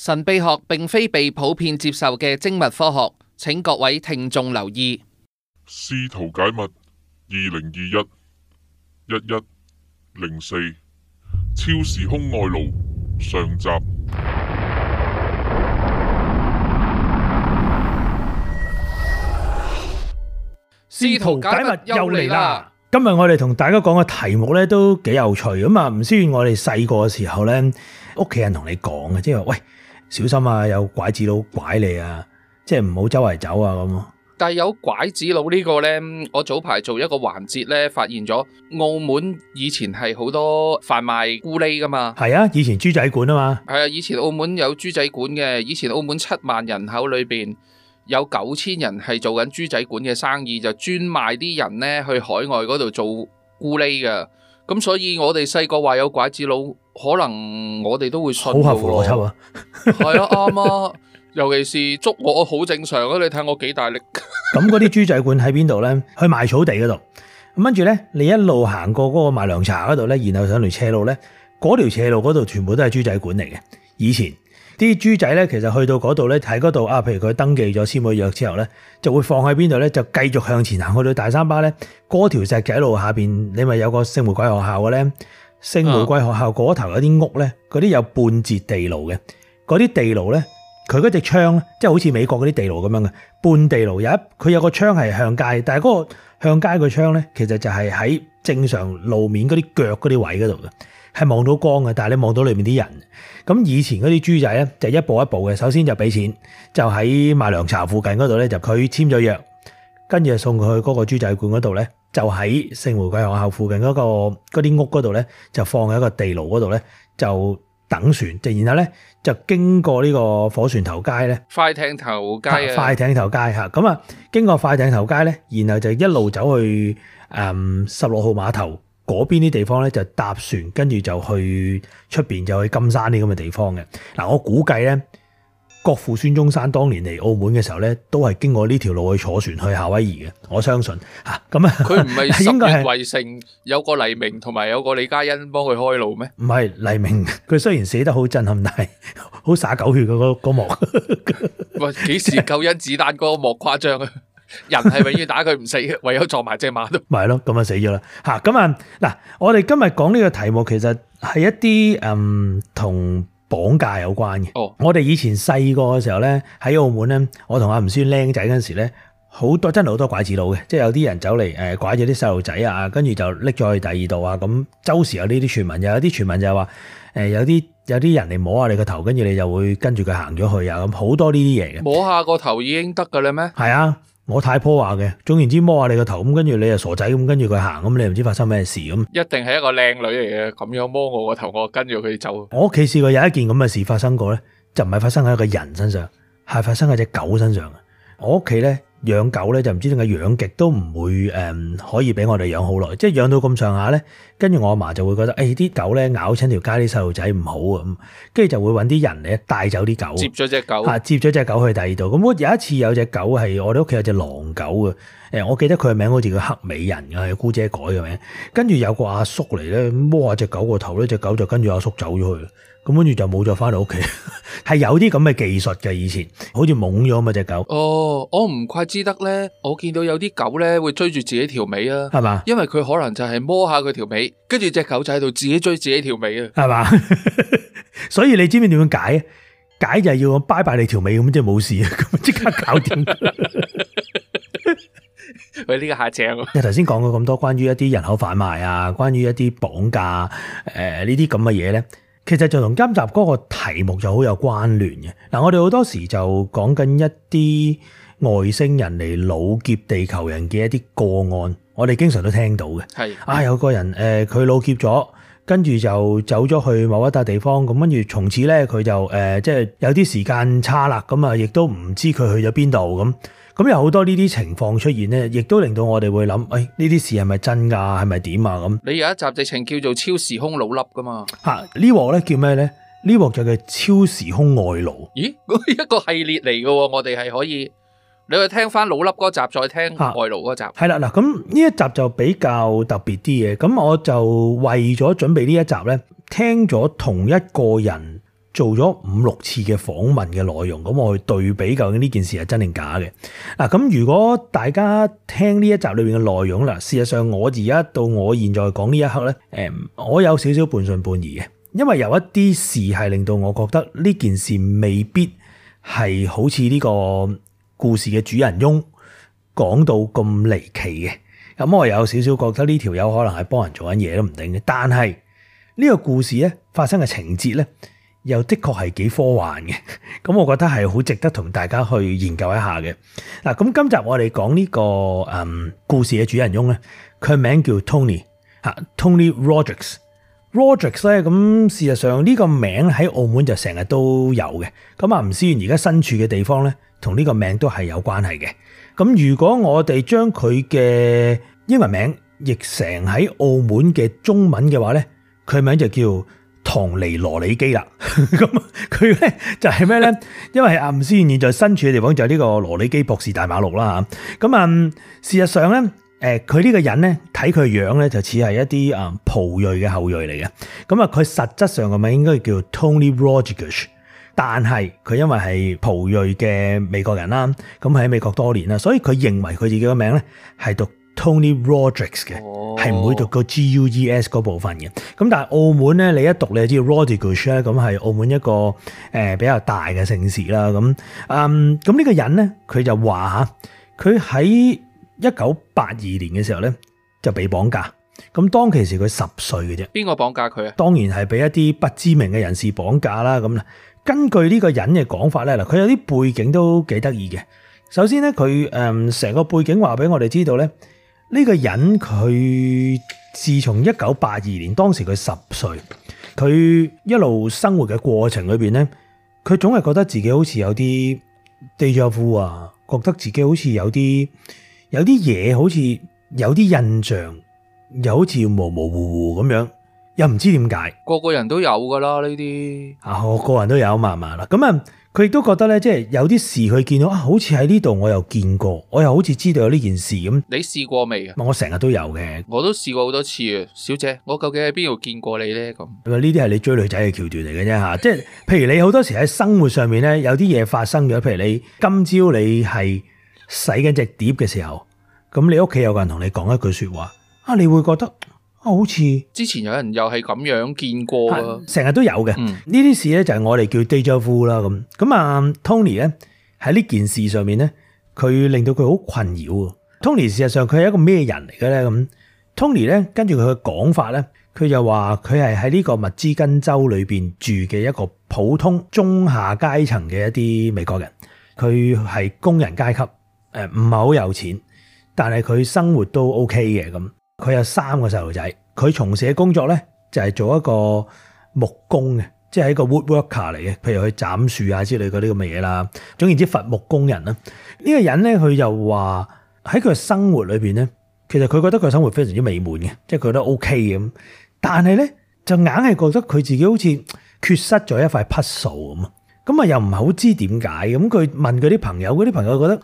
神秘學並非被普遍接受嘅精密科學，請各位聽眾留意。試圖解密二零二一一一零四超時空外奴上集。試圖解密又嚟啦！今日我哋同大家講嘅題目咧都幾有趣咁啊！唔需要我哋細個嘅時候咧，屋企人同你講嘅，即係話，喂。.小心啊！有拐子佬拐你啊！即係唔好周圍走啊咁，但有拐子佬呢個呢，我早排做一個環節呢，發現咗澳門以前係好多販賣咕喱噶嘛。係啊，以前豬仔館啊嘛。係啊，以前澳門有豬仔館嘅。以前澳門七萬人口裏面，有九千人係做緊豬仔館嘅生意，就專賣啲人呢去海外嗰度做咕喱㗎。咁所以我哋細個話有拐子佬，可能我哋都會信嘅喎。好合乎邏輯啊，係啊，啱啊，尤其是捉我我好正常啊，你睇我幾大力。咁嗰啲豬仔館喺邊度咧？去賣草地嗰度，咁跟住咧，你一路行過嗰個賣涼茶嗰度咧，然後上嚟斜路咧，嗰條斜路嗰度全部都係豬仔館嚟嘅，以前。啲豬仔咧，其實去到嗰度咧，喺嗰度啊，譬如佢登記咗簽咗約之後咧，就會放喺邊度咧，就繼續向前行去到大三巴咧。嗰條石仔路下面，你咪有個聖玫瑰學校嘅咧。聖玫瑰學校嗰頭有啲屋咧，嗰啲有半截地牢嘅。嗰啲地牢咧，佢嗰隻窗咧，即係好似美國嗰啲地牢咁樣嘅半地牢，有一佢有個窗係向街，但係嗰個向街個窗咧，其實就係喺正常路面嗰啲腳嗰啲位嗰度嘅。係望到光嘅，但係你望到裏面啲人。咁以前嗰啲豬仔咧就一步一步嘅，首先就俾錢，就喺賣涼茶附近嗰度咧就佢簽咗約，跟住送佢去嗰個豬仔館嗰度咧，就喺聖玫瑰學校附近嗰個嗰啲屋嗰度咧就放喺一個地牢嗰度咧就等船，就然後咧就經過呢個火船頭街咧，快艇頭街啊，快艇頭街吓，咁啊經過快艇頭街咧，然後就一路走去誒十六號碼頭。嗰邊啲地方咧就搭船，跟住就去出邊，就去金山啲咁嘅地方嘅。嗱，我估計咧，國父孫中山當年嚟澳門嘅時候咧，都係經過呢條路去坐船去夏威夷嘅。我相信吓咁啊，佢唔係十月圍城有個黎明同埋有個李嘉欣幫佢開路咩？唔係黎明，佢雖然寫得好震撼，但係好灑狗血嗰、那個、 個幕。喂，幾時救恩子彈嗰幕誇張啊！人係永遠打佢唔死嘅，唯有撞埋隻馬都係咯，咁 啊死咗啦吓咁啊嗱！我哋今日講呢個題目，其實係一啲嗯同綁架有關嘅。哦，我哋以前細個嘅時候咧，喺澳門咧，我同阿吳孫僆仔嗰陣時咧，好多真係好多拐子佬嘅，即係有啲人走嚟誒，拐咗啲細路仔啊，跟住就拎咗去第二度啊。咁周時有呢啲傳聞，又有啲傳聞就係話，誒、呃、有啲有啲人摸摸你摸下你個頭，跟住你就會跟住佢行咗去啊。咁好多呢啲嘢嘅，摸下個頭已經得噶啦咩？係啊。我太婆話嘅，總然之摸下你個頭，咁跟住你傻跟又傻仔咁跟住佢行，咁你唔知發生咩事咁。一定係一個靚女嚟嘅，咁樣摸我個頭，我跟住佢走。我屋企試過有一件咁嘅事發生過呢，就唔係發生喺一個人身上，係發生喺隻狗身上。我屋企呢，養狗呢，就唔知點解養極都唔會誒，可以俾我哋養好耐，即係養到咁上下呢。跟住我阿嫲就會覺得，誒、哎、啲狗咧咬親條街啲細路仔唔好啊！咁跟住就會揾啲人嚟帶走啲狗。接咗隻狗、啊、接咗隻狗去第二度。咁我有一次有隻狗係我哋屋企有隻狼狗嘅，誒，我記得佢嘅名好似叫黑美人啊，係姑姐改嘅名。跟住有個阿叔嚟咧摸下隻狗個頭呢，隻狗就跟住阿叔走咗去。咁跟住就冇再翻到屋企。係有啲咁嘅技術嘅，以前好似懵咗嘛隻狗。哦，我唔怪之得呢。我見到有啲狗呢會追住自己條尾啊，係嘛？因為佢可能就係摸下佢條尾。跟住隻狗仔喺度自己追自己條尾啊，係嘛？所以你知唔知點樣解？解就係要我拜拜你條尾咁，那就沒即係冇事啊，咁即刻搞掂。 喂，呢、這個吓正！你頭先講過咁多關於一啲人口販賣啊，關於一啲綁架誒呢啲咁嘅嘢咧，其實就同今集嗰個題目就好有關聯嘅。嗱、呃，我哋好多時候就講緊一啲外星人嚟擄劫地球人嘅一啲個案。我哋經常都聽到嘅，係啊，有個人誒佢、呃、老劫咗，跟住就走咗去某一笪地方，咁跟住從此咧佢就誒、呃、即係有啲時間差啦，咁啊亦都唔知佢去咗邊度咁，咁有好多呢啲情況出現咧，亦都令到我哋會諗，誒呢啲事係咪真㗎？係咪點啊咁？你有一集直情叫做超時空老笠噶嘛？吓、啊，呢鑊咧叫咩咧？呢鑊就叫超時空外奴。咦，一個系列嚟嘅喎，我哋係可以。你去聽翻老笠嗰集，再聽下外勞嗰集。係、啊、啦，嗱咁呢一集就比較特別啲嘅。咁我就為咗準備呢一集呢，聽咗同一個人做咗五六次嘅訪問嘅內容。咁我去對比究竟呢件事係真定假嘅。嗱、啊、咁如果大家聽呢一集裏面嘅內容啦，事實上我而家到我現在講呢一刻呢，我有少少半信半疑嘅，因為有一啲事係令到我覺得呢件事未必係好似呢、這個。故事嘅主人翁講到咁離奇嘅，咁我有少少覺得呢條友可能係幫人做緊嘢都唔定嘅。但係呢個故事咧發生嘅情節咧，又的確係幾科幻嘅。咁我覺得係好值得同大家去研究一下嘅。嗱，咁今集我哋講呢個誒故事嘅主人翁咧，佢名叫 Tony 吓，Tony Rodrigues Rodrigues 咧，咁事實上呢個名喺澳門就成日都有嘅。咁啊，吳思源而家身處嘅地方咧，同呢個名都係有關係嘅。咁如果我哋將佢嘅英文名譯成喺澳門嘅中文嘅話咧，佢名就叫唐尼羅里基啦。咁佢咧就係咩咧？因為阿吳思源現在身處嘅地方就係呢個羅里基博士大馬路啦嚇。咁、嗯、啊，事實上咧。誒佢呢個人咧，睇佢樣咧就似係一啲啊蒲瑞嘅後裔嚟嘅，咁啊佢實質上個名應該叫 Tony Rodrigues，但係佢因為係蒲瑞嘅美國人啦，咁喺美國多年啦，所以佢認為佢自己嘅名咧係讀 Tony Rodrigues 嘅，係唔會讀個 G U E S 嗰部分嘅。咁但係澳門咧，你一讀你就知道 Rodrigues 咧，咁係澳門一個誒比較大嘅城市啦。咁嗯，咁呢個人咧，佢就話吓，佢喺一九八二年嘅時候咧，就被綁架。咁當其時佢十歲嘅啫。邊個綁架佢啊？當然係俾一啲不知名嘅人士綁架啦。咁啦，根據呢個人嘅講法咧，嗱，佢有啲背景都幾得意嘅。首先咧，佢誒成個背景話俾我哋知道咧，呢個人佢自從一九八二年當時佢十歲，佢一路生活嘅過程裏邊咧，佢總係覺得自己好似有啲 déjà vu 啊，覺得自己好似有啲。有啲嘢好似有啲印象，又好似模模糊糊咁樣，又唔知點解。個個人都有噶啦呢啲。啊，我個人都有嘛嘛啦。咁啊，佢亦都覺得咧，即係有啲事佢見到啊，好似喺呢度我又見過，我又好似知道有呢件事咁。你試過未啊？我成日都有嘅，我都試過好多次啊。小姐，我究竟喺邊度見過你咧？咁，呢啲係你追女仔嘅橋段嚟嘅啫吓。即係，譬如你好多時喺生活上面咧，有啲嘢發生咗，譬如你今朝你係。洗緊隻碟嘅時候，咁你屋企有個人同你講一句說話啊，你會覺得啊，好似之前有人又係咁樣見過，成日都有嘅。嗯 vu, Tony，呢啲事咧就係我哋叫 deja vu 啦。咁咁啊，Tony 咧喺呢件事上面咧，佢令到佢好困擾。Tony 事實上佢係一個咩人嚟嘅咧？咁 Tony 咧跟住佢嘅講法咧，佢就話佢係喺呢個密芝根州裏邊住嘅一個普通中下階層嘅一啲美國人，佢係工人階級。誒，唔係好有錢，但係佢生活都 O K 嘅咁。佢有三個細路仔，佢從事嘅工作咧就係做一個木工嘅，即係一個 woodworker 嚟嘅，譬如去斬樹啊之類嗰啲咁嘅嘢啦。總言之，伐木工人啦。呢個人咧，佢又話喺佢嘅生活裏邊咧，其實佢覺得佢生活非常之美滿嘅，即係佢覺得 O K 咁。但係咧就硬係覺得佢自己好似缺失咗一塊 puzzle 咁啊。咁啊又唔係好知點解咁。佢問佢啲朋友，佢啲朋友覺得。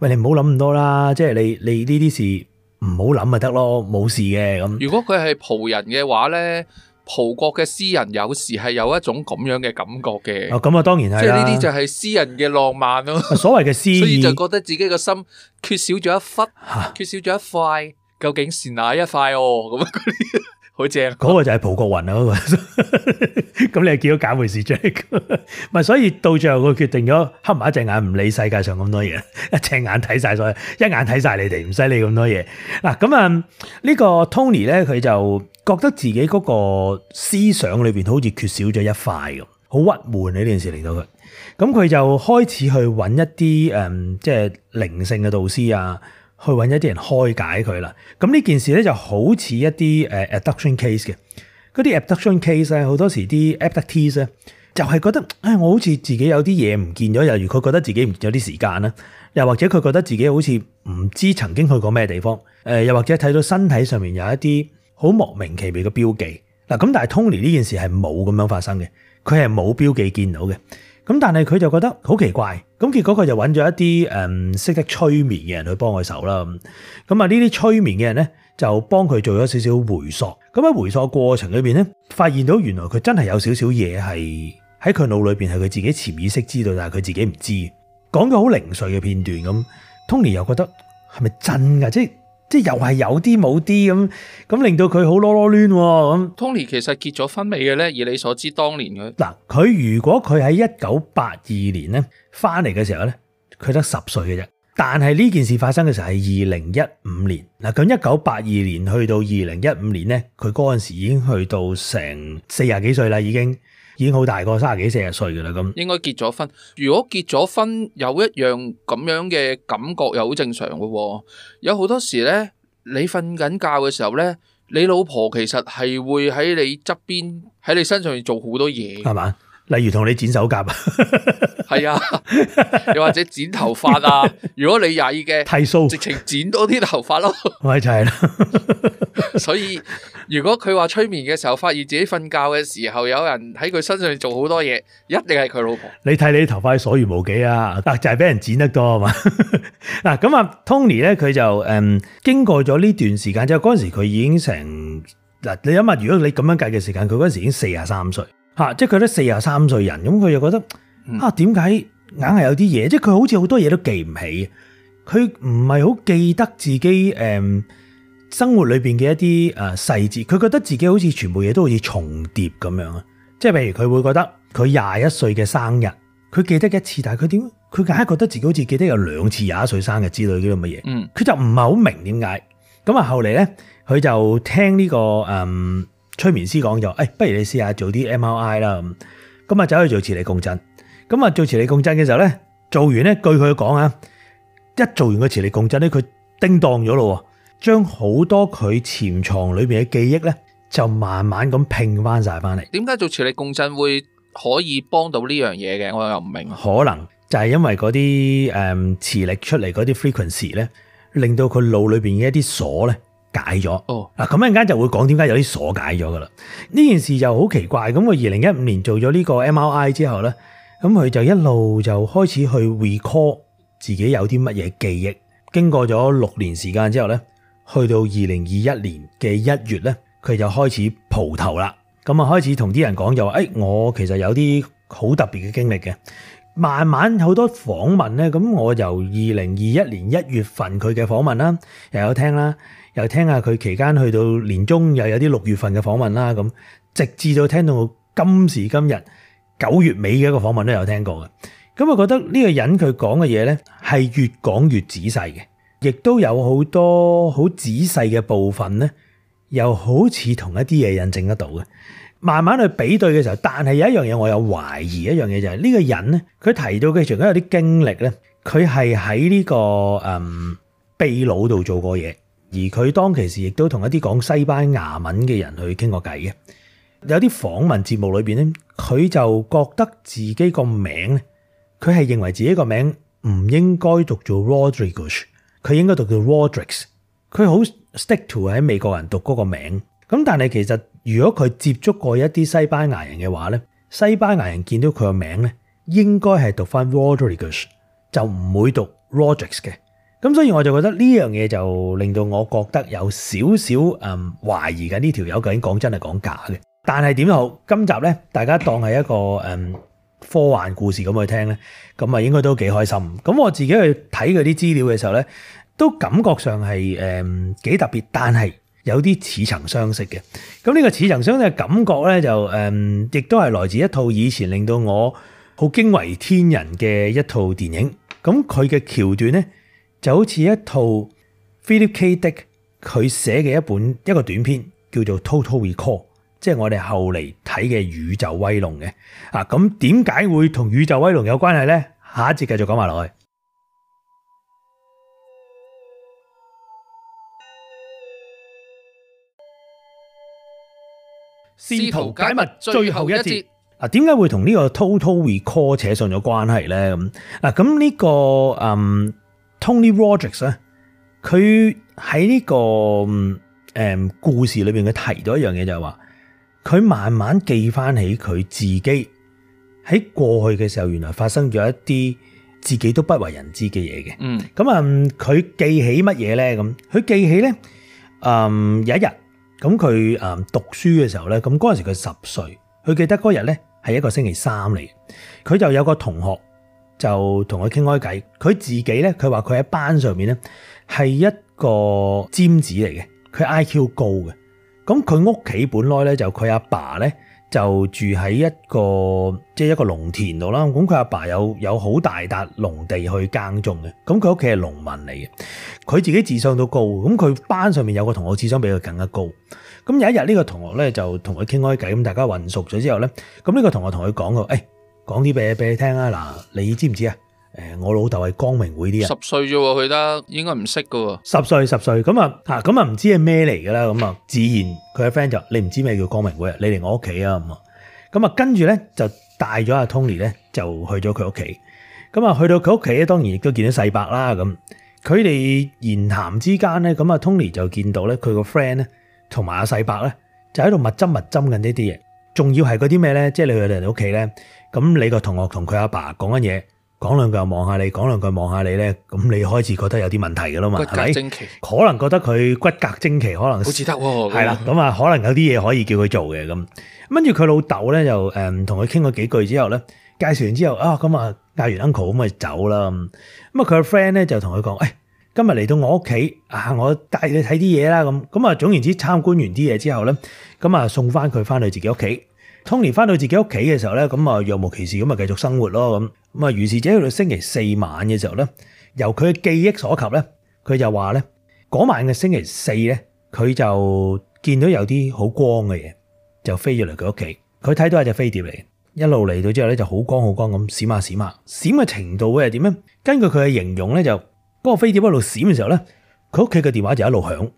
喂，你唔好諗咁多啦，即係你你呢啲事唔好諗咪得咯，冇事嘅咁。如果佢係葡人嘅話咧，葡國嘅詩人有時係有一種咁樣嘅感覺嘅。哦，咁啊，當然係啦。即係呢啲就係詩人嘅浪漫咯。所謂嘅詩意，所以就覺得自己個心缺少咗一忽，缺少咗一塊，究竟是哪一塊哦？咁。好正，嗰個就係蒲國云啊，嗰個，咁你係見到搞回事啫，咪所以到最後佢決定咗，黑埋一隻眼唔理世界上咁多嘢，一隻眼睇晒所有，一眼睇晒你哋，唔使理咁多嘢。嗱，咁啊，呢個 Tony 咧，佢就覺得自己嗰個思想裏邊好似缺少咗一塊咁，好鬱悶啊，呢件事嚟到佢，咁佢就開始去揾一啲誒，即係靈性嘅導師啊。去揾一啲人開解佢啦。咁呢件事咧就好似一啲誒 abduction case 嘅嗰啲 abduction case 咧，好多時啲 abductees 咧就係覺得，唉，我好似自己有啲嘢唔見咗，又如佢覺得自己唔見咗啲時間啦，又或者佢覺得自己好似唔知曾經去過咩地方，誒，又或者睇到身體上面有一啲好莫名其妙嘅標記。嗱，咁但係 Tony 呢件事係冇咁樣發生嘅，佢係冇標記見到嘅。咁但係佢就覺得好奇怪，咁結果佢就揾咗一啲誒識得催眠嘅人去幫佢手啦。咁啊呢啲催眠嘅人呢，就幫佢做咗少少回溯。咁喺回溯過程裏邊呢，發現到原來佢真係有少少嘢係喺佢腦裏邊係佢自己潛意識知道，但係佢自己唔知。講個好零碎嘅片段，咁 Tony 又覺得係咪真噶？即即係又係有啲冇啲咁，咁令到佢好囉囉攣喎咁。Tony 其實結咗婚未嘅咧？以你所知，當年佢嗱，佢如果佢喺一九八二年咧翻嚟嘅時候咧，佢得十歲嘅啫。但係呢件事發生嘅時候係二零一五年嗱，咁一九八二年去到二零一五年咧，佢嗰陣時已經去到成四十幾歲啦已經。已經好大個，卅幾四十歲嘅啦。咁應該結咗婚。如果結咗婚，有一樣咁樣嘅感覺又好正常嘅喎。有好多時呢，你瞓緊覺嘅時候呢，你老婆其實係會喺你側邊喺你身上面做好多嘢，係嘛？例如同你剪手甲 是啊，係啊，又或者剪頭髮啊 如頭髮 就是了笑。如果你有嘅剃鬚，直情剪多啲頭髮咯，咪就係咯。所以如果佢話催眠嘅時候，發現自己瞓覺嘅時候，有人喺佢身上做好多嘢，一定係佢老婆。你睇你啲頭髮所餘無幾啊，嗱就係、是、俾人剪得多啊嘛。嗱咁啊，Tony 咧佢就誒、嗯、經過咗呢段時間就嗰、是、陣時佢已經成嗱你諗下，如果你咁樣計嘅時間，佢嗰陣時已經四十三歲。啊、即係佢都四十三歲人，咁佢又覺得啊，點解硬係有啲嘢、嗯？即係佢好似好多嘢都記唔起，佢唔係好記得自己誒、嗯、生活裏面嘅一啲誒細節。佢覺得自己好似全部嘢都好似重疊咁樣啊！即係譬如佢會覺得佢廿一歲嘅生日，佢記得一次，但係佢點？佢硬係覺得自己好似記得有兩次廿一歲生日之類啲咁嘅嘢。嗯，佢就唔係好明點解。咁啊，後嚟咧，佢就聽呢、呢個誒。嗯催眠師講就，哎，不如你試下做啲 MRI 啦咁，咁啊走去做磁力共振，咁啊做磁力共振嘅時候咧，做完咧，據佢講啊，一做完個磁力共振咧，佢叮當咗咯，將好多佢潛藏裏面嘅記憶咧，就慢慢咁拼翻晒翻嚟。點解做磁力共振會可以幫到呢樣嘢嘅？我又唔明。可能就係因為嗰啲誒磁力出嚟嗰啲 frequency 咧，令到佢腦裏面嘅一啲鎖咧。解咗哦，嗱咁，一陣間就會講點解有啲鎖解咗噶啦。呢件事就好奇怪。咁我二零一五年做咗呢個 MRI 之後咧，咁佢就一路就開始去 recall 自己有啲乜嘢記憶。經過咗六年時間之後咧，去到二零二一年嘅一月咧，佢就開始蒲頭啦。咁啊，開始同啲人講就話，誒，我其實有啲好特別嘅經歷嘅。慢慢好多訪問咧，咁我由二零二一年一月份佢嘅訪問啦，又有聽啦。又聽下佢期間去到年中又有啲六月份嘅訪問啦，咁直至到聽到今時今日九月尾嘅一個訪問都有聽過嘅。咁我覺得呢個人佢講嘅嘢咧係越講越仔細嘅，亦都有好多好仔細嘅部分咧，又好似同一啲嘢印證得到嘅。慢慢去比對嘅時候，但係有一樣嘢我有懷疑，一樣嘢就係呢個人咧，佢提到嘅除咗有啲經歷咧、這個，佢係喺呢個嗯秘魯度做過嘢。而佢當其時亦都同一啲講西班牙文嘅人去傾過偈嘅，有啲訪問節目裏邊，咧，佢就覺得自己個名咧，佢係認為自己個名唔應該讀做 Rodriguez，佢應該讀叫 Rodrigues，佢好 stick to 喺美國人讀嗰個名。咁但係其實如果佢接觸過一啲西班牙人嘅話咧，西班牙人見到佢個名咧，應該係讀翻 Rodriguez，就唔會讀 Rodrigues 嘅。咁所以我就覺得呢樣嘢，就令到我覺得有少少誒懷疑緊呢條友究竟講真係講假嘅。但係點都好，今集呢，大家當係一個誒、嗯、科幻故事咁去聽呢，咁啊應該都幾開心。咁我自己去睇佢啲資料嘅時候呢，都感覺上係誒幾特別，但係有啲似曾相識嘅。咁呢個似曾相識嘅感覺呢，就誒、嗯、亦都係來自一套以前令到我好驚為天人嘅一套電影。咁佢嘅橋段呢。就好似一套 Philip K. Dick 佢寫嘅一本一個短篇，叫做 Total Recall，即係我哋後嚟睇嘅《宇宙威龍》嘅啊。咁點解會同《宇宙威龍》有關係呢？下一節繼續講埋落去。試圖解密最後一節啊，點解會同呢個 Total Recall 扯上咗關係呢？咁咁呢個嗯。Tony Rodrigues 咧，佢喺呢個誒故事裏邊佢提到一樣嘢就係話，佢慢慢記翻起佢自己喺過去嘅時候，原來發生咗一啲自己都不為人知嘅嘢嘅。嗯，咁、嗯、啊，佢記起乜嘢咧？咁佢記起咧，誒、嗯、有一日咁佢誒讀書嘅時候咧，嗰陣時佢十歲，佢記得嗰日咧係一個星期三嚟，佢就有個同學。就同佢傾開偈，佢自己咧，佢話佢喺班上面咧係一個尖子嚟嘅，佢 IQ 高嘅。咁佢屋企本來咧就佢阿爸咧就住喺一個即係、就是、一個農田度啦。咁佢阿爸有有好大笪農地去耕種嘅。咁佢屋企係農民嚟嘅，佢自己智商都高。咁佢班上面有個同學智商比佢更加高。咁有一日呢個同學咧就同佢傾開偈，咁大家混熟咗之後咧，咁呢個同學同佢講過誒講啲嘢俾你聽啊！嗱，你知唔知啊？誒，我老豆係光明會啲啊，十歲啫，佢得應該唔識噶。十歲十歲咁啊吓，咁啊唔知係咩嚟噶啦，咁啊自然佢嘅 friend 就你唔知咩叫光明會啊，你嚟我屋企啊咁啊，咁啊跟住咧就帶咗阿 Tony 咧就去咗佢屋企。咁啊去到佢屋企咧，當然亦都見到世伯啦咁。佢哋言談之間咧，咁啊 Tony 就見到咧佢個 friend 咧同埋阿世伯咧就喺度密針密針緊呢啲嘢。仲要係嗰啲咩咧？即係你去人哋屋企咧，咁你個同學同佢阿爸講緊嘢，講兩句又望下你，講兩句望下你咧，咁你開始覺得有啲問題噶啦嘛，係咪？骨格精奇，可能覺得佢骨格精奇，可能好似得喎，係啦，咁啊，可能有啲嘢可以叫佢做嘅咁、嗯。跟住佢老豆咧就誒，同佢傾咗幾句之後咧，介紹完之後啊，咁啊嗌完 uncle 咁咪走啦。咁啊，佢個 friend 咧就同佢講，誒、哎。今日嚟到我屋企啊！我帶你睇啲嘢啦，咁咁啊，總言之，參觀完啲嘢之後咧，咁啊送翻佢翻去自己屋企。Tony 返翻到自己屋企嘅時候咧，咁啊若無其事咁啊繼續生活咯，咁咁啊於是者去到星期四晚嘅時候咧，由佢嘅記憶所及咧，佢就話咧嗰晚嘅星期四咧，佢就見到有啲好光嘅嘢就飛咗嚟佢屋企，佢睇到係隻飛碟嚟，一路嚟到之後咧就好光好光咁閃下閃下，閃嘅程度會係點咧？根據佢嘅形容咧就。個飛碟一路閃嘅時候咧，佢屋企嘅電話就一路響。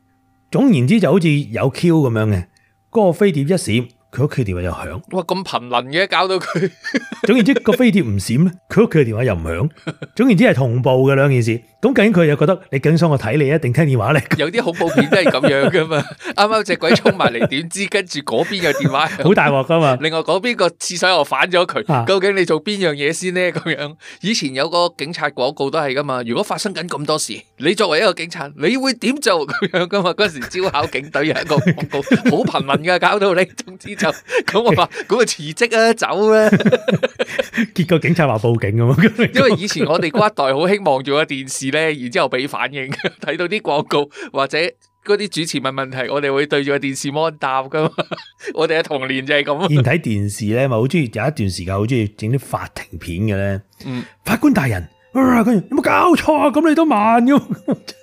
總言之就好似有 Q 咁樣嘅，嗰個飛碟一閃，佢屋企嘅電話又響。哇，咁頻輪嘅，搞到佢。總言之個飛碟唔閃咧，佢屋企嘅電話又唔響。總言之係同步嘅兩件事。咁究竟佢又覺得你緊想我睇你一定聽電話咧？有啲恐怖片都係咁樣噶嘛，啱啱隻鬼衝埋嚟，點知跟住嗰邊嘅電話好大鑊噶嘛？另外嗰邊個廁所又反咗佢。究竟你做邊樣嘢先呢？咁樣以前有個警察廣告都係噶嘛？如果發生緊咁多事，你作為一個警察，你會點做咁樣噶嘛？嗰時招考警隊有一個廣告好頻密噶，搞到你總之就咁，我話咁啊，辭職啊，走啦，啊。 結果警察話報警咁嘛，因為以前我哋嗰一代好希望做個電視。咧，然之後俾反應，睇到啲廣告或者嗰啲主持問問題，我哋會對住個電視 mon 答噶嘛。我哋嘅童年就係咁，以前睇電視咧，咪好中意有一段時間好中意整啲法庭片嘅咧、嗯。法官大人，跟住有冇搞錯啊？咁你都慢嘅、啊，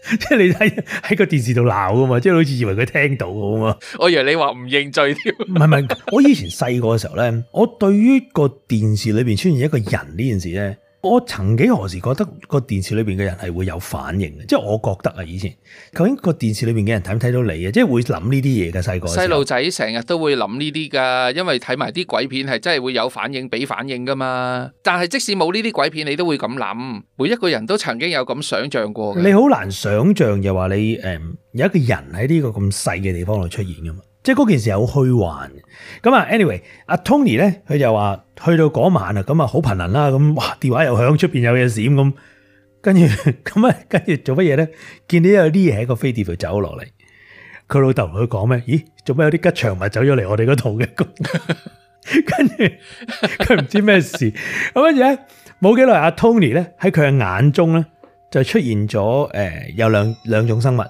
即 係你睇喺個電視度鬧噶嘛，即係好似以為佢聽到噶嘛。我以為你話唔認罪添。唔係唔係， 我以前細個嘅時候咧，我對於個電視裏邊出現一個人呢件事咧。我曾幾何時覺得個電視裏邊嘅人係會有反應嘅，即係我覺得啊，以前究竟個電視裏邊嘅人睇唔睇到你啊，即係會諗呢啲嘢嘅細個。細路仔成日都會諗呢啲噶，因為睇埋啲鬼片係真係會有反應，俾反應噶嘛。但係即使冇呢啲鬼片，你都會咁諗。每一個人都曾經有咁想象過。你好難想象，就話你誒，有一個人喺呢個咁細嘅地方度出現噶嘛？即係嗰件事有好虛幻咁啊，anyway，阿 Tony 咧，佢就話去到嗰晚啊，咁啊好頻能啦，咁哇電話又響，出邊有嘢閃咁，跟住咁啊，跟住做乜嘢咧？見到有啲嘢喺個飛碟度走落嚟，佢老豆同佢講咩？咦，做咩有啲吉祥物走咗嚟我哋嗰度嘅？咁 跟住佢唔知咩事，咁 跟住咧冇幾耐，阿 Tony 咧喺佢嘅眼中咧就出現咗誒有兩兩種生物，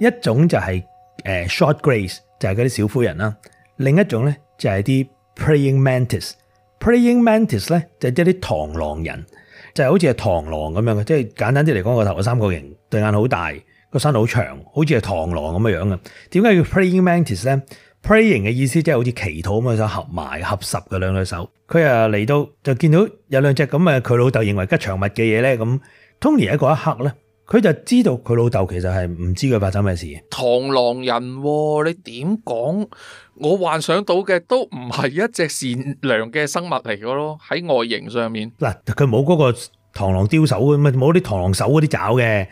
一種就係誒 short grace。就係嗰啲小灰人啦，另一種咧就係啲 praying mantis。praying mantis 咧就即係啲螳螂人，就係好似係螳螂咁樣嘅，即係簡單啲嚟講，個頭三角形，對眼好大，個身好長，好似係螳螂咁樣樣嘅。點解叫 praying mantis 咧？praying 嘅意思即係好似祈禱咁樣，手合埋合十嘅兩隻手。佢啊嚟到就見到有兩隻咁啊，佢老豆認為吉祥物嘅嘢咧咁。Tony 喺嗰一刻咧。佢就知道佢老豆其實係唔知佢發生咩事。螳螂人啊，你點講？我幻想到嘅都唔係一隻善良嘅生物嚟嘅咯。喺外形上面，嗱，佢冇嗰個螳螂雕手嘅，咪冇啲螳螂手嗰啲爪嘅。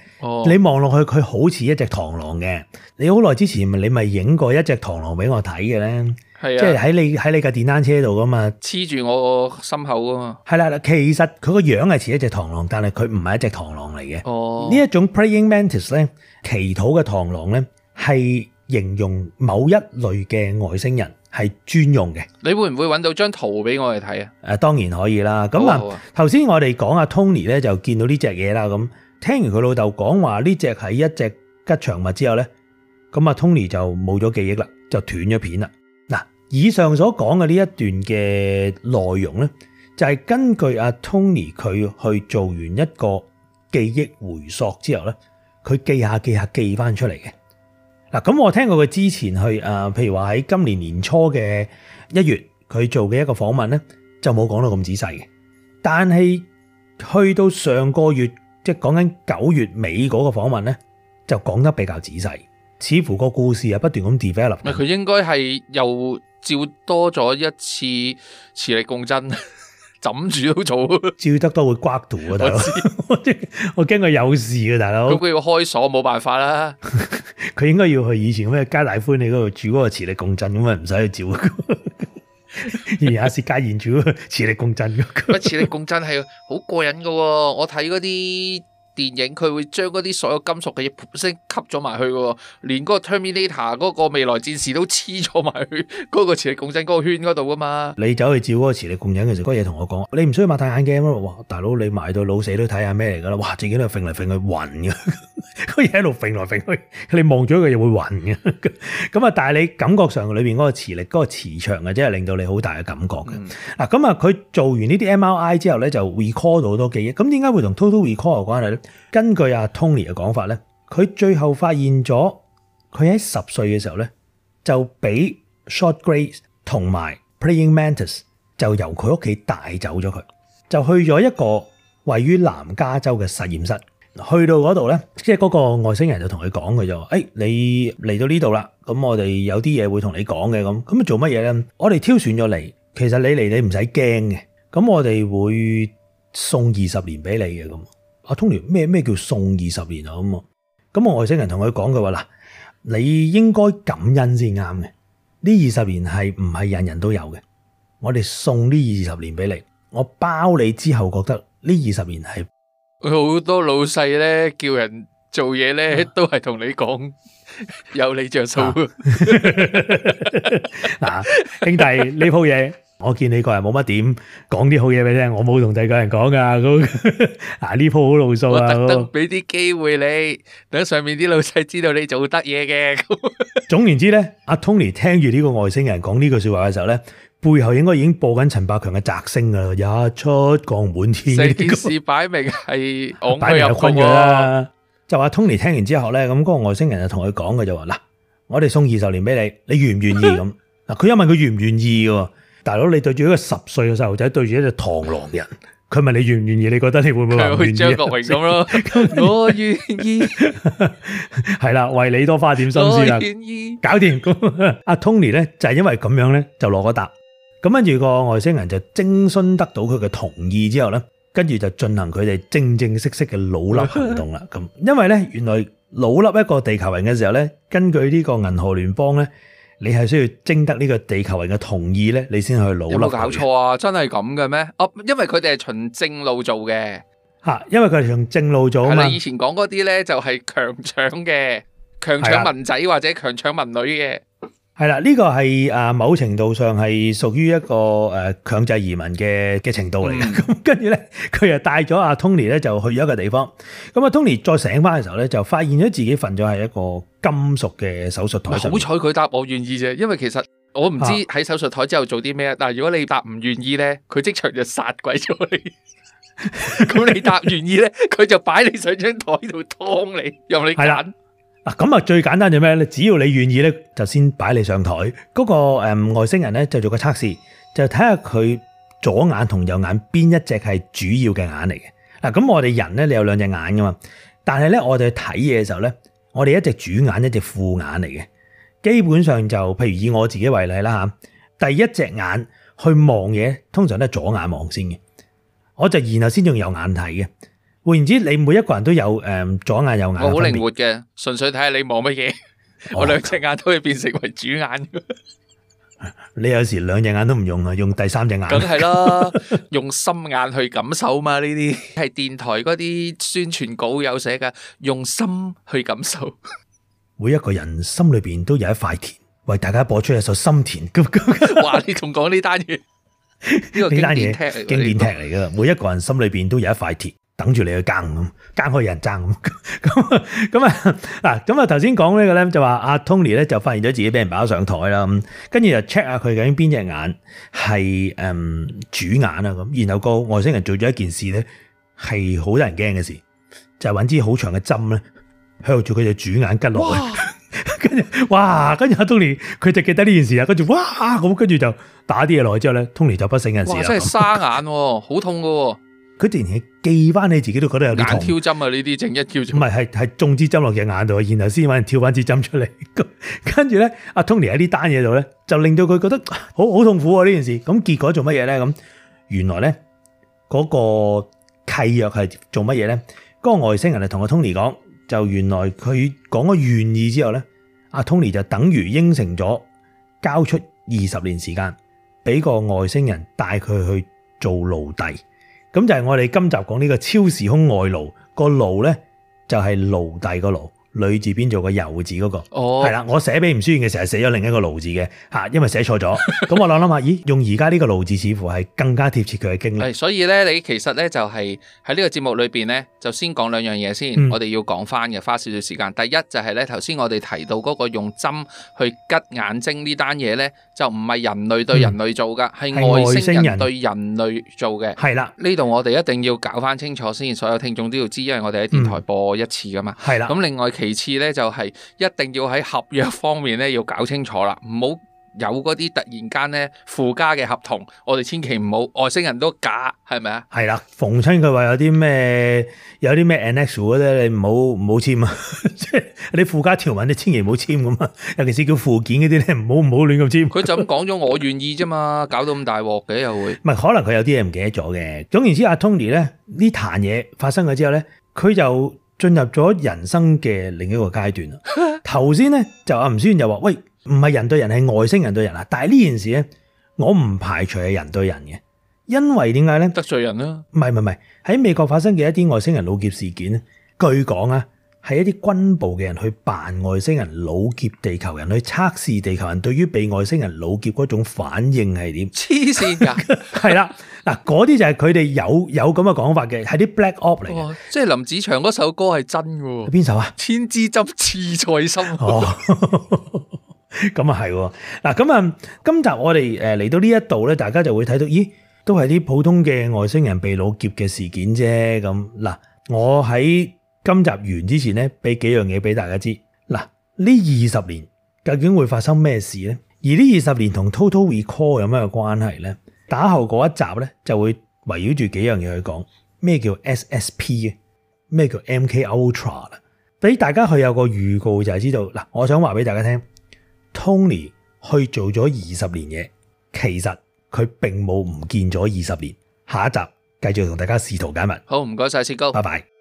你望落去，佢好似一隻螳螂嘅。你好耐之前，咪你咪影過一隻螳螂俾我睇嘅咧。啊、即係喺你喺你架電單車度噶嘛，黐住我心口㗎嘛。係啦，其實佢個樣係似一隻螳螂，但係佢唔係一隻螳螂嚟嘅。呢、哦、一種 Praying Mantis 咧，祈禱嘅螳螂咧，係形容某一類嘅外星人係專用嘅。你會唔會揾到張圖俾我哋睇啊？誒，當然可以啦。咁啊，頭先、啊、我哋講阿 Tony 咧就見到呢隻嘢啦。咁聽完佢老豆講話呢隻係一隻吉祥物之後咧，咁啊 Tony 就冇咗記憶啦，就斷咗片啦。以上所講嘅呢一段嘅內容呢，就係根據阿 Tony 佢去做完一個記憶回溯之後呢，佢記下記下記翻出嚟嘅。嗱，咁我聽過佢之前去啊，譬如話喺今年年初嘅一月，佢做嘅一個訪問呢，就冇講到咁仔細嘅。但係去到上個月，即係講緊九月尾嗰個訪問呢，就講得比較仔細，似乎個故事啊不斷咁 develop。佢應該係又。照多咗一次磁力共振，枕住都做。照得多會刮到啊，大佬！我知，我驚 佢有事啊，大佬。咁佢要開鎖，冇辦法啦。佢 應該要去以前咩皆大歡喜嗰度住嗰個磁力共振，咁啊唔使去照。以 前阿 s i 家沿住個磁力共振嗰 磁力共振係好過癮噶，我睇嗰啲。電影佢會將嗰啲所有金屬嘅嘢一吸咗埋去嘅喎，連嗰個 Terminator 嗰個未來戰士都黐咗埋去嗰個磁力共振嗰個圈嗰度噶嘛？你走去照嗰個磁力共振嘅時候，嗰嘢同我講，你唔需要擘大眼鏡咯。哇，大佬你埋到老死都睇下咩嚟噶啦！哇，自己都係揈嚟揈去暈嘅，嗰嘢喺度揈嚟揈去，你望咗佢又會暈嘅。咁啊，但係你感覺上裏面嗰個磁力、嗰、嗰個磁場啊，真係令到你好大嘅感覺嘅。嗱，咁啊，佢做完呢啲 MRI 之後咧，就 record 到好多記憶。咁點解會同 Total Recall 有關係咧？根據阿 Tony 嘅講法咧，佢最後發現咗，佢喺十歲嘅時候咧就俾 Short Grace 同埋 Playing Mantis 就由佢屋企帶走咗佢，就去咗一個位於南加州嘅實驗室。去到嗰度咧，即係嗰個外星人就同佢講，佢就話誒，你嚟到呢度啦，咁我哋有啲嘢會同你講嘅咁，咁做乜嘢咧？我哋挑選咗你，其實你嚟你唔使驚嘅，咁我哋會送二十年俾你嘅咁。阿、啊、通聯咩咩叫送二十年啊咁啊？咁我外星人同佢講，佢話，嗱，你應該感恩先啱嘅。呢二十年係唔係人人都有嘅？我哋送呢二十年俾你，我包你之後覺得呢二十年係。好多老細咧叫人做嘢咧，都係同你講、啊、有你着數。嗱、 啊，兄弟，呢鋪嘢。我見你個人冇乜點講啲好嘢俾你聽，我冇同第個人講噶咁。啊，呢鋪好路數啊，啊我特登俾啲機會你，等、啊啊、上面啲老細知道你做得嘢嘅、啊。總言之咧，阿、啊、Tony 聽住呢個外星人講呢句說話嘅時候咧，背後應該已經播緊陳百強嘅《摘星》啊，日出光滿天。成件事擺明係，擺明係瞓咗啦。就話 Tony 聽完之後咧，咁、那個外星人就同佢講嘅就話嗱，我哋送二十年俾你，你願唔願意咁？嗱， 佢一問佢願唔願意嘅。大佬，你對住一個十歲嘅細路仔，對住一隻螳螂人，佢問你願唔願意？你覺得你會唔會唔願意？會張國榮咁咯， 我願意。係 啦，為你多花點心思啦。我願意。搞掂。阿 Tony 咧就係因為咁樣咧就攞個答。咁跟住個外星人就徵詢得到佢嘅同意之後咧，跟住就進行佢哋正正式式嘅努粒行動啦。咁 因為咧，原來努粒一個地球人嘅時候咧，根據呢個銀河聯邦咧。你係需要徵得呢個地球人嘅同意呢，你先去努力。有冇搞錯啊？真係咁嘅咩？啊，因為佢哋係循正路做嘅。嚇，因為佢哋從正路做啊嘛。係啦，以前講嗰啲呢，就係強搶嘅，強搶民仔或者強搶民女嘅。係啦，呢個係啊某程度上係屬於一個誒強制移民嘅嘅程度嚟嘅。咁跟住咧，佢又帶咗阿 Tony 咧就去咗一個地方。咁阿 Tony 再醒翻嘅時候咧，就發現咗自己瞓咗係一個金屬嘅手術台上。好彩佢答我願意啫，因為其實我唔知喺手術台之後做啲咩。但、啊、係如果你答唔願意咧，佢即場就殺鬼咗你。咁 你答願意咧，佢就擺你上張台度劏你，用你係啦。嗱咁啊，最簡單就咩咧？只要你願意咧，就先擺你上台。嗰個誒外星人咧，就做個測試，就睇下佢左眼同右眼邊一隻係主要嘅眼嚟嘅。嗱咁我哋人咧，你有兩隻眼噶嘛？但係咧，我哋去睇嘢嘅時候咧，我哋一隻主眼一隻副眼嚟嘅。基本上就譬如以我自己為例啦嚇，第一隻眼去望嘢，通常都係左眼望先嘅，我就然後先用右眼睇嘅。換言之，你每一個人都有誒左眼右眼。我好靈活嘅，純粹睇下你望乜嘢。我兩隻眼都會變成為主眼。你有時兩隻眼都唔用啊，用第三隻眼。梗係啦，用心眼去感受嘛。呢啲係電台嗰啲宣傳稿有寫噶，用心去感受。每一個人心裏邊都有一塊田，為大家播出一首《心田》。咁咁，哇你仲講呢單嘢？呢個經典劇，經典劇嚟噶。每一個人心裏邊都有一塊田。等住你去掹咁，掹開人爭咁，咁啊嗱，咁啊頭先講呢個咧就話阿 Tony 咧就發現咗自己俾人擺咗上台啦，咁跟住就 check 下佢究竟邊隻眼係誒主眼啊咁，然後，個，然後個外星人做咗一件事咧係好得人驚嘅事，就係、是、揾支好長嘅針咧向住佢隻主眼拮落去，跟住哇，跟住阿 Tony 佢就記得呢件事啊，跟住哇，咁跟住就打啲嘢落去之後咧，Tony 就不省人事啦，真係沙眼喎、啊，好 痛噶喎、啊。佢自然係記翻，你自己都覺得有啲眼挑針啊！呢啲整一挑針唔係係係種支針落隻眼度，然後先揾人挑翻支針出嚟咁。跟住咧，阿 Tony 喺呢單嘢度咧，就令到佢覺得好好痛苦啊！呢件事咁結果做乜嘢咧？咁原來咧嗰個契約係做乜嘢咧？嗰個外星人嚟同阿 Tony 講，就原來佢講咗願意之後咧，阿 Tony 就等於應承咗交出二十年時間俾個外星人帶佢去做奴隸。咁就係我哋今集講呢個超時空外奴，個奴呢就係奴隸個奴。女字邊做個柔字嗰個，係、oh. 啦，我寫俾吳書燕嘅時候，寫咗另一個盧字嘅，吓，因為寫錯咗，咁 我諗諗下，咦，用而家呢個盧字似乎係更加貼切佢嘅經歷。所以咧，你其實咧就係喺呢個節目裏邊咧，就先講兩樣嘢先，嗯、我哋要講翻嘅，花少少時間。第一就係咧，頭先我哋提到嗰個用針去吉眼睛呢單嘢咧，就唔係人類對人類做噶，係、嗯、外星人對人類做嘅。係啦，呢度我哋一定要搞翻清楚先，所有聽眾都要知，因為我哋喺電台播一次噶嘛。係、嗯、啦，咁另外。其次咧，就係一定要喺合約方面咧，要搞清楚啦，唔好有嗰啲突然間咧附加嘅合同，我哋千祈唔好外星人都假，係咪啊？係啦，逢親佢話有啲咩有啲咩 annex 嗰啲，你唔好唔好簽啊！即係你附加條文，你千祈唔好簽咁啊！尤其是叫附件嗰啲咧，唔好唔好亂咁簽。佢、啊、就咁講咗，我願意啫嘛，搞到咁大鑊嘅又會。唔係，可能佢有啲嘢唔記得咗嘅。總言之，阿 Tony 咧呢壇嘢發生咗之後咧，佢就。進入咗人生嘅另一個階段啦。頭先咧就阿吳思遠又話：喂，唔係人對人，係外星人對人啊！但係呢件事咧，我唔排除係人對人嘅，因為點解咧？得罪人啦、啊？唔係唔係唔係，喺美國發生嘅一啲外星人老劫事件咧，據講啊。係一啲軍部嘅人去扮外星人老劫地球人，去測試地球人對於被外星人老劫嗰種反應係點？黐線噶，係啦嗱，嗰啲就係佢哋有有咁嘅講法嘅，係啲 black ops 嚟、哦。即係林子祥嗰首歌係真嘅。邊首啊？千枝針刺在心、啊。哦，咁啊係。嗱，咁啊，今集我哋誒嚟到呢一度咧，大家就會睇到，咦，都係啲普通嘅外星人被老劫嘅事件啫。咁嗱，我喺。今集完之前呢，俾幾樣嘢俾大家知。嗱，呢二十年究竟會發生咩事呢？而呢二十年同 Total Recall 有咩關係呢？打後嗰一集呢，就會圍繞住幾樣嘢去講。咩叫 SSP？咩叫 MK Ultra 啦？俾大家去有個預告就係知道。嗱，我想話俾大家聽，Tony 去做咗二十年嘢，其實佢並冇唔見咗二十年。下一集繼續同大家試圖解密。好，唔該晒，切糕，拜拜。